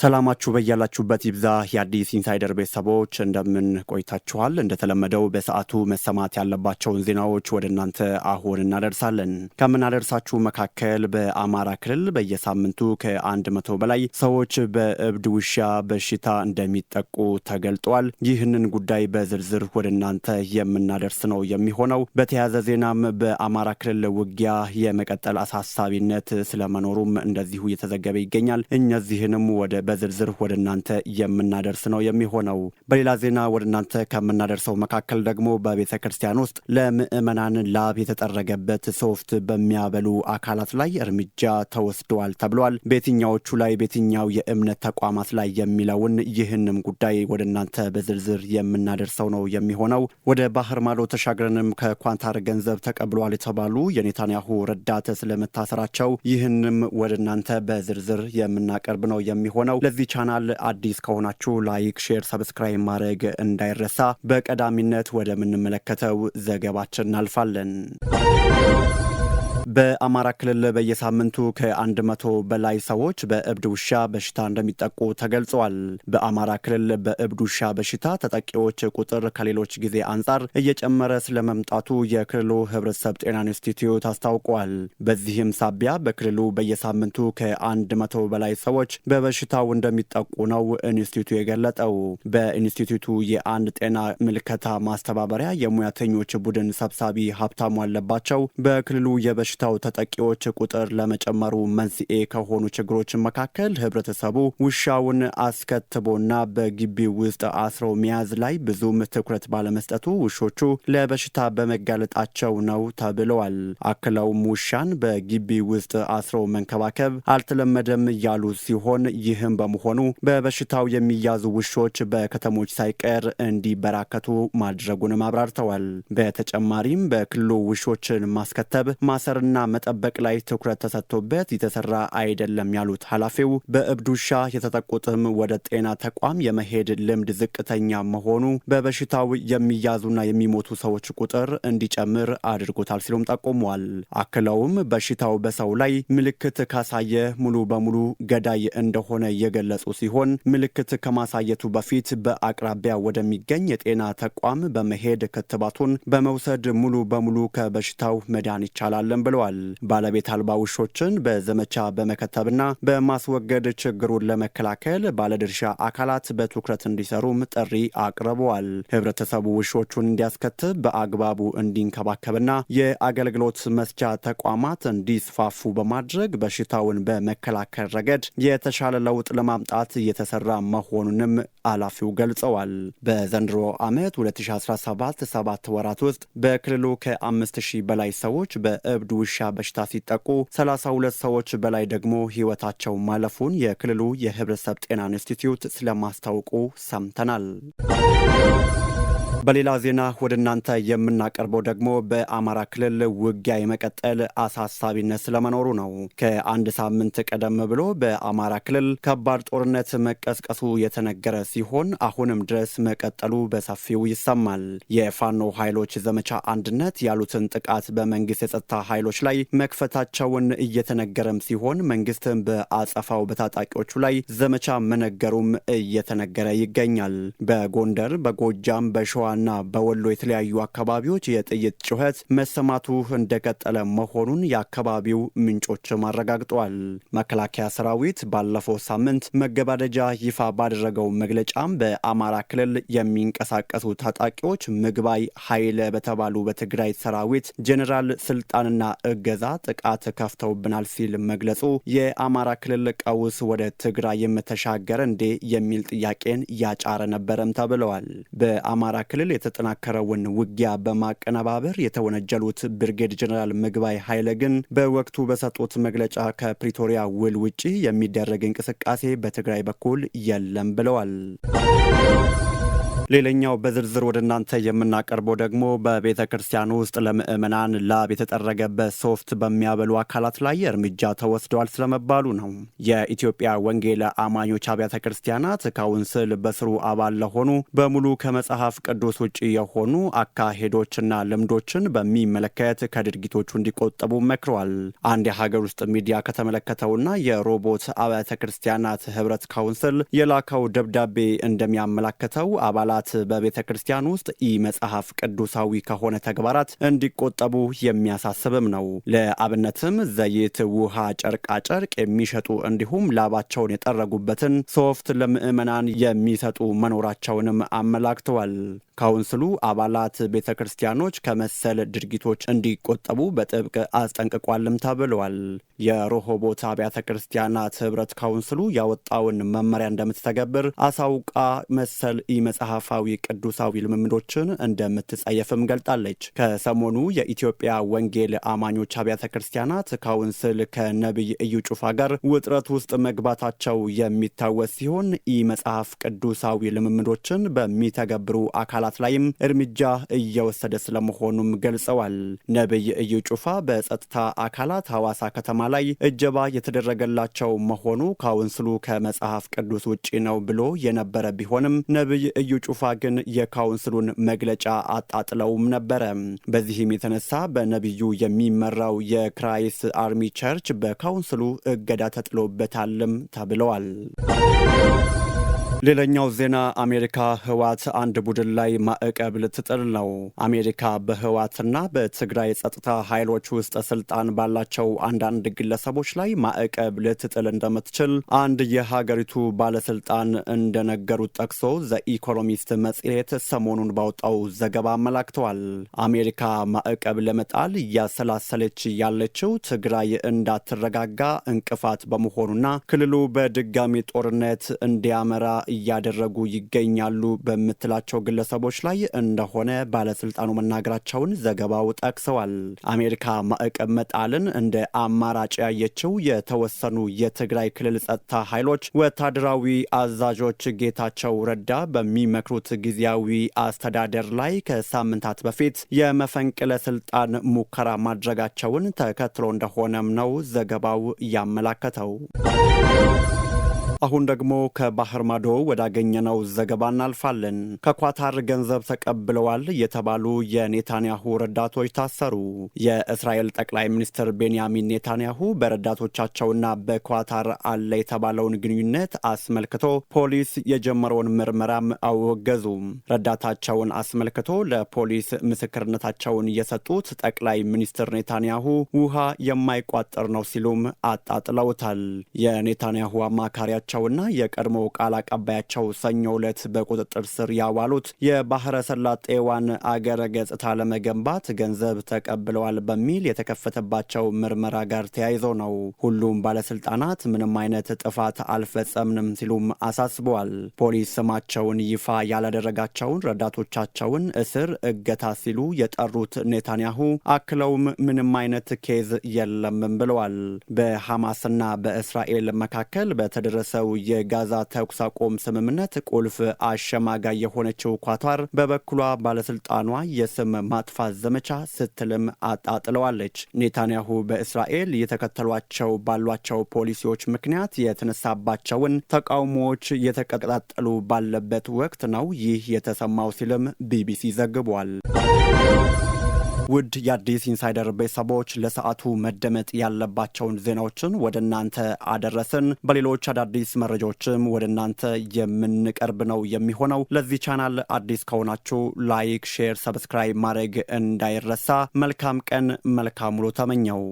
ሰላማችሁ በያላችሁበት ይብዛ። የአዲስ ኢንሳይደር ቤተሰቦች እንደምን ቆይታችኋል? እንደተለመደው በሰዓቱ መሰማት ያለባቸውን ዜናዎች ወደ እናንተ አሁን እናደርሳለን። ከምናደርሳችሁ መካከል በአማራ ክልል በየሳምንቱ ከአንድ መቶ በላይ ሰዎች በእብድ ውሻ በሽታ እንደሚጠቁ ተገልጧል። ይህንን ጉዳይ በዝርዝር ወደ እናንተ የምናደርስ ነው የሚሆነው። በተያያዘ ዜናም በአማራ ክልል ውጊያ የመቀጠል አሳሳቢነት ስለመኖሩም እንደዚሁ እየተዘገበ ይገኛል። እነዚህንም ወደ በዝርዝር ወደ እናንተ የምናደርስ ነው የሚሆነው። በሌላ ዜና ወደ እናንተ ከምናደርሰው መካከል ደግሞ በቤተ ክርስቲያን ውስጥ ለምዕመናን ላብ የተጠረገበት ሶፍት በሚያበሉ አካላት ላይ እርምጃ ተወስደዋል ተብሏል። በየትኛዎቹ ላይ በየትኛው የእምነት ተቋማት ላይ የሚለውን ይህንም ጉዳይ ወደ እናንተ በዝርዝር የምናደርሰው ነው የሚሆነው። ወደ ባህር ማዶ ተሻግረንም ከኳንታር ገንዘብ ተቀብሏል የተባሉ የኔታንያሁ ረዳት ስለመታሰራቸው ይህንም ወደ እናንተ በዝርዝር የምናቀርብ ነው የሚሆነው። ነው። ለዚህ ቻናል አዲስ ከሆናችሁ ላይክ፣ ሼር፣ ሰብስክራይብ ማድረግ እንዳይረሳ። በቀዳሚነት ወደምንመለከተው ዘገባችን እናልፋለን። በአማራ ክልል በየሳምንቱ ከአንድ መቶ በላይ ሰዎች በእብድ ውሻ በሽታ እንደሚጠቁ ተገልጿል። በአማራ ክልል በእብድ ውሻ በሽታ ተጠቂዎች ቁጥር ከሌሎች ጊዜ አንጻር እየጨመረ ስለመምጣቱ የክልሉ ሕብረተሰብ ጤና ኢንስቲትዩት አስታውቋል። በዚህም ሳቢያ በክልሉ በየሳምንቱ ከአንድ መቶ በላይ ሰዎች በበሽታው እንደሚጠቁ ነው ኢንስቲትዩቱ የገለጠው። በኢንስቲትዩቱ የአንድ ጤና ምልከታ ማስተባበሪያ የሙያተኞች ቡድን ሰብሳቢ ሀብታሙ አለባቸው በክልሉ የበሽ የበሽታው ተጠቂዎች ቁጥር ለመጨመሩ መንስኤ ከሆኑ ችግሮች መካከል ህብረተሰቡ ውሻውን አስከትቦና በግቢ ውስጥ አስረው መያዝ ላይ ብዙም ትኩረት ባለመስጠቱ ውሾቹ ለበሽታ በመጋለጣቸው ነው ተብለዋል። አክለውም ውሻን በግቢ ውስጥ አስረው መንከባከብ አልተለመደም ያሉ ሲሆን ይህም በመሆኑ በበሽታው የሚያዙ ውሾች በከተሞች ሳይቀር እንዲበራከቱ ማድረጉንም አብራርተዋል። በተጨማሪም በክልሉ ውሾችን ማስከተብ ማሰር መቆጣጠርና መጠበቅ ላይ ትኩረት ተሰጥቶበት የተሰራ አይደለም ያሉት ኃላፊው በእብድ ውሻ የተጠቁትም ወደ ጤና ተቋም የመሄድ ልምድ ዝቅተኛ መሆኑ በበሽታው የሚያዙና የሚሞቱ ሰዎች ቁጥር እንዲጨምር አድርጎታል ሲሉም ጠቁመዋል። አክለውም በሽታው በሰው ላይ ምልክት ካሳየ ሙሉ በሙሉ ገዳይ እንደሆነ የገለጹ ሲሆን ምልክት ከማሳየቱ በፊት በአቅራቢያ ወደሚገኝ የጤና ተቋም በመሄድ ክትባቱን በመውሰድ ሙሉ በሙሉ ከበሽታው መዳን ይቻላለን ብለዋል። ብለዋል። ባለቤት አልባ ውሾችን በዘመቻ በመከተብና በማስወገድ ችግሩን ለመከላከል ባለድርሻ አካላት በትኩረት እንዲሰሩም ጥሪ አቅርበዋል። ህብረተሰቡ ውሾቹን እንዲያስከትብ በአግባቡ እንዲንከባከብና የአገልግሎት መስጫ ተቋማት እንዲስፋፉ በማድረግ በሽታውን በመከላከል ረገድ የተሻለ ለውጥ ለማምጣት እየተሰራ መሆኑንም ኃላፊው ገልጸዋል። በዘንድሮ ዓመት 2017 ሰባት ወራት ውስጥ በክልሉ ከ5000 በላይ ሰዎች በእብድ ውሻ በሽታ ሲጠቁ 32 ሰዎች በላይ ደግሞ ሕይወታቸው ማለፉን የክልሉ የህብረተሰብ ጤና ኢንስቲትዩት ስለማስታወቁ ሰምተናል። በሌላ ዜና ወደ እናንተ የምናቀርበው ደግሞ በአማራ ክልል ውጊያ የመቀጠል አሳሳቢነት ስለመኖሩ ነው። ከአንድ ሳምንት ቀደም ብሎ በአማራ ክልል ከባድ ጦርነት መቀስቀሱ የተነገረ ሲሆን አሁንም ድረስ መቀጠሉ በሰፊው ይሰማል። የፋኖ ኃይሎች ዘመቻ አንድነት ያሉትን ጥቃት በመንግስት የጸጥታ ኃይሎች ላይ መክፈታቸውን እየተነገረም ሲሆን መንግስትም በአጸፋው በታጣቂዎቹ ላይ ዘመቻ መነገሩም እየተነገረ ይገኛል። በጎንደር፣ በጎጃም፣ በሸዋ እና በወሎ የተለያዩ አካባቢዎች የጥይት ጩኸት መሰማቱ እንደቀጠለ መሆኑን የአካባቢው ምንጮችም አረጋግጠዋል። መከላከያ ሰራዊት ባለፈው ሳምንት መገባደጃ ይፋ ባደረገው መግለጫም በአማራ ክልል የሚንቀሳቀሱ ታጣቂዎች ምግባይ ኃይለ በተባሉ በትግራይ ሰራዊት ጄኔራል ስልጣንና እገዛ ጥቃት ከፍተውብናል ሲል መግለጹ የአማራ ክልል ቀውስ ወደ ትግራይ የምተሻገረ እንዴ የሚል ጥያቄን ያጫረ ነበረም ተብለዋል። በአማራ ክልል ክልል የተጠናከረውን ውጊያ በማቀነባበር የተወነጀሉት ብርጌድ ጀነራል ምግባይ ኃይለ ግን በወቅቱ በሰጡት መግለጫ ከፕሪቶሪያ ውል ውጪ የሚደረግ እንቅስቃሴ በትግራይ በኩል የለም ብለዋል። ሌላኛው በዝርዝር ወደ እናንተ የምናቀርበው ደግሞ በቤተ ክርስቲያን ውስጥ ለምእመናን ላብ የተጠረገበት ሶፍት በሚያበሉ አካላት ላይ እርምጃ ተወስደዋል ስለመባሉ ነው። የኢትዮጵያ ወንጌል አማኞች አብያተ ክርስቲያናት ካውንስል በስሩ አባል ለሆኑ በሙሉ ከመጽሐፍ ቅዱስ ውጭ የሆኑ አካሄዶችና ልምዶችን በሚመለከት ከድርጊቶቹ እንዲቆጠቡ መክረዋል። አንድ የሀገር ውስጥ ሚዲያ ከተመለከተውና የሮቦት አብያተ ክርስቲያናት ህብረት ካውንስል የላከው ደብዳቤ እንደሚያመላከተው አባላት ተግባራት በቤተ ክርስቲያን ውስጥ ኢ መጽሐፍ ቅዱሳዊ ከሆነ ተግባራት እንዲቆጠቡ የሚያሳስብም ነው። ለአብነትም ዘይት፣ ውሃ፣ ጨርቃ ጨርቅ የሚሸጡ እንዲሁም ላባቸውን የጠረጉበትን ሶፍት ለምዕመናን የሚሰጡ መኖራቸውንም አመላክተዋል። ካውንስሉ አባላት ቤተ ክርስቲያኖች ከመሰል ድርጊቶች እንዲቆጠቡ በጥብቅ አስጠንቅቋልም ተብሏል። የሮሆቦት አብያተ ክርስቲያናት ህብረት ካውንስሉ ያወጣውን መመሪያ እንደምትተገብር አሳውቃ መሰል ኢመጽሐፋዊ ቅዱሳዊ ልምምዶችን እንደምትጸየፍም ገልጣለች። ከሰሞኑ የኢትዮጵያ ወንጌል አማኞች አብያተ ክርስቲያናት ካውንስል ከነቢይ እዩ ጩፋ ጋር ውጥረት ውስጥ መግባታቸው የሚታወስ ሲሆን ኢመጽሐፍ ቅዱሳዊ ልምምዶችን በሚተገብሩ አካላት አካላት ላይም እርምጃ እየወሰደ ስለመሆኑም ገልጸዋል። ነቢይ እዩ ጩፋ በጸጥታ አካላት ሐዋሳ ከተማ ላይ እጀባ የተደረገላቸው መሆኑ ካውንስሉ ከመጽሐፍ ቅዱስ ውጪ ነው ብሎ የነበረ ቢሆንም ነቢይ እዩ ጩፋ ግን የካውንስሉን መግለጫ አጣጥለውም ነበረ። በዚህም የተነሳ በነቢዩ የሚመራው የክራይስ አርሚ ቸርች በካውንስሉ እገዳ ተጥሎበታልም ተብለዋል። ሌላኛው ዜና አሜሪካ ህወሓት አንድ ቡድን ላይ ማዕቀብ ልትጥል ነው። አሜሪካ በህወሓትና በትግራይ ጸጥታ ኃይሎች ውስጥ ስልጣን ባላቸው አንዳንድ ግለሰቦች ላይ ማዕቀብ ልትጥል እንደምትችል አንድ የሀገሪቱ ባለስልጣን እንደነገሩት ጠቅሶ ዘኢኮኖሚስት መጽሔት ሰሞኑን ባወጣው ዘገባ አመላክተዋል። አሜሪካ ማዕቀብ ለመጣል እያሰላሰለች ያለችው ትግራይ እንዳትረጋጋ እንቅፋት በመሆኑና ክልሉ በድጋሚ ጦርነት እንዲያመራ እያደረጉ ይገኛሉ በምትላቸው ግለሰቦች ላይ እንደሆነ ባለስልጣኑ መናገራቸውን ዘገባው ጠቅሰዋል። አሜሪካ ማዕቀብ መጣልን እንደ አማራጭ ያየችው የተወሰኑ የትግራይ ክልል ጸጥታ ኃይሎች ወታደራዊ አዛዦች ጌታቸው ረዳ በሚመክሩት ጊዜያዊ አስተዳደር ላይ ከሳምንታት በፊት የመፈንቅለ ስልጣን ሙከራ ማድረጋቸውን ተከትሎ እንደሆነም ነው ዘገባው ያመላከተው። አሁን ደግሞ ከባህር ማዶ ወዳገኘነው ዘገባ እናልፋለን። ከኳታር ገንዘብ ተቀብለዋል የተባሉ የኔታንያሁ ረዳቶች ታሰሩ። የእስራኤል ጠቅላይ ሚኒስትር ቤንያሚን ኔታንያሁ በረዳቶቻቸውና በኳታር አለ የተባለውን ግንኙነት አስመልክቶ ፖሊስ የጀመረውን ምርመራም አወገዙ። ረዳታቸውን አስመልክቶ ለፖሊስ ምስክርነታቸውን የሰጡት ጠቅላይ ሚኒስትር ኔታንያሁ ውሃ የማይቋጠር ነው ሲሉም አጣጥለውታል። የኔታንያሁ አማካሪያቸው አቻውና የቀድሞ ቃል አቀባያቸው ሰኞ ዕለት በቁጥጥር ስር ያዋሉት የባህረ ሰላጤዋን አገረ ገጽታ ለመገንባት ገንዘብ ተቀብለዋል በሚል የተከፈተባቸው ምርመራ ጋር ተያይዞ ነው። ሁሉም ባለስልጣናት ምንም አይነት ጥፋት አልፈጸምንም ሲሉም አሳስበዋል። ፖሊስ ስማቸውን ይፋ ያላደረጋቸውን ረዳቶቻቸውን እስር፣ እገታ ሲሉ የጠሩት ኔታንያሁ አክለውም ምንም አይነት ኬዝ የለምም ብለዋል። በሐማስና በእስራኤል መካከል በተደረሰ የደረሰው የጋዛ ተኩስ አቆም ስምምነት ቁልፍ አሸማጋይ የሆነችው ኳታር በበኩሏ ባለስልጣኗ የስም ማጥፋት ዘመቻ ስትልም አጣጥለዋለች። ኔታንያሁ በእስራኤል የተከተሏቸው ባሏቸው ፖሊሲዎች ምክንያት የተነሳባቸውን ተቃውሞዎች እየተቀጣጠሉ ባለበት ወቅት ነው ይህ የተሰማው ሲልም ቢቢሲ ዘግቧል። ውድ የአዲስ ኢንሳይደር ቤተሰቦች ለሰዓቱ መደመጥ ያለባቸውን ዜናዎችን ወደ እናንተ አደረስን። በሌሎች አዳዲስ መረጃዎችም ወደ እናንተ የምንቀርብ ነው የሚሆነው። ለዚህ ቻናል አዲስ ከሆናችሁ ላይክ፣ ሼር፣ ሰብስክራይብ ማድረግ እንዳይረሳ። መልካም ቀን፣ መልካም ውሎ ተመኘው።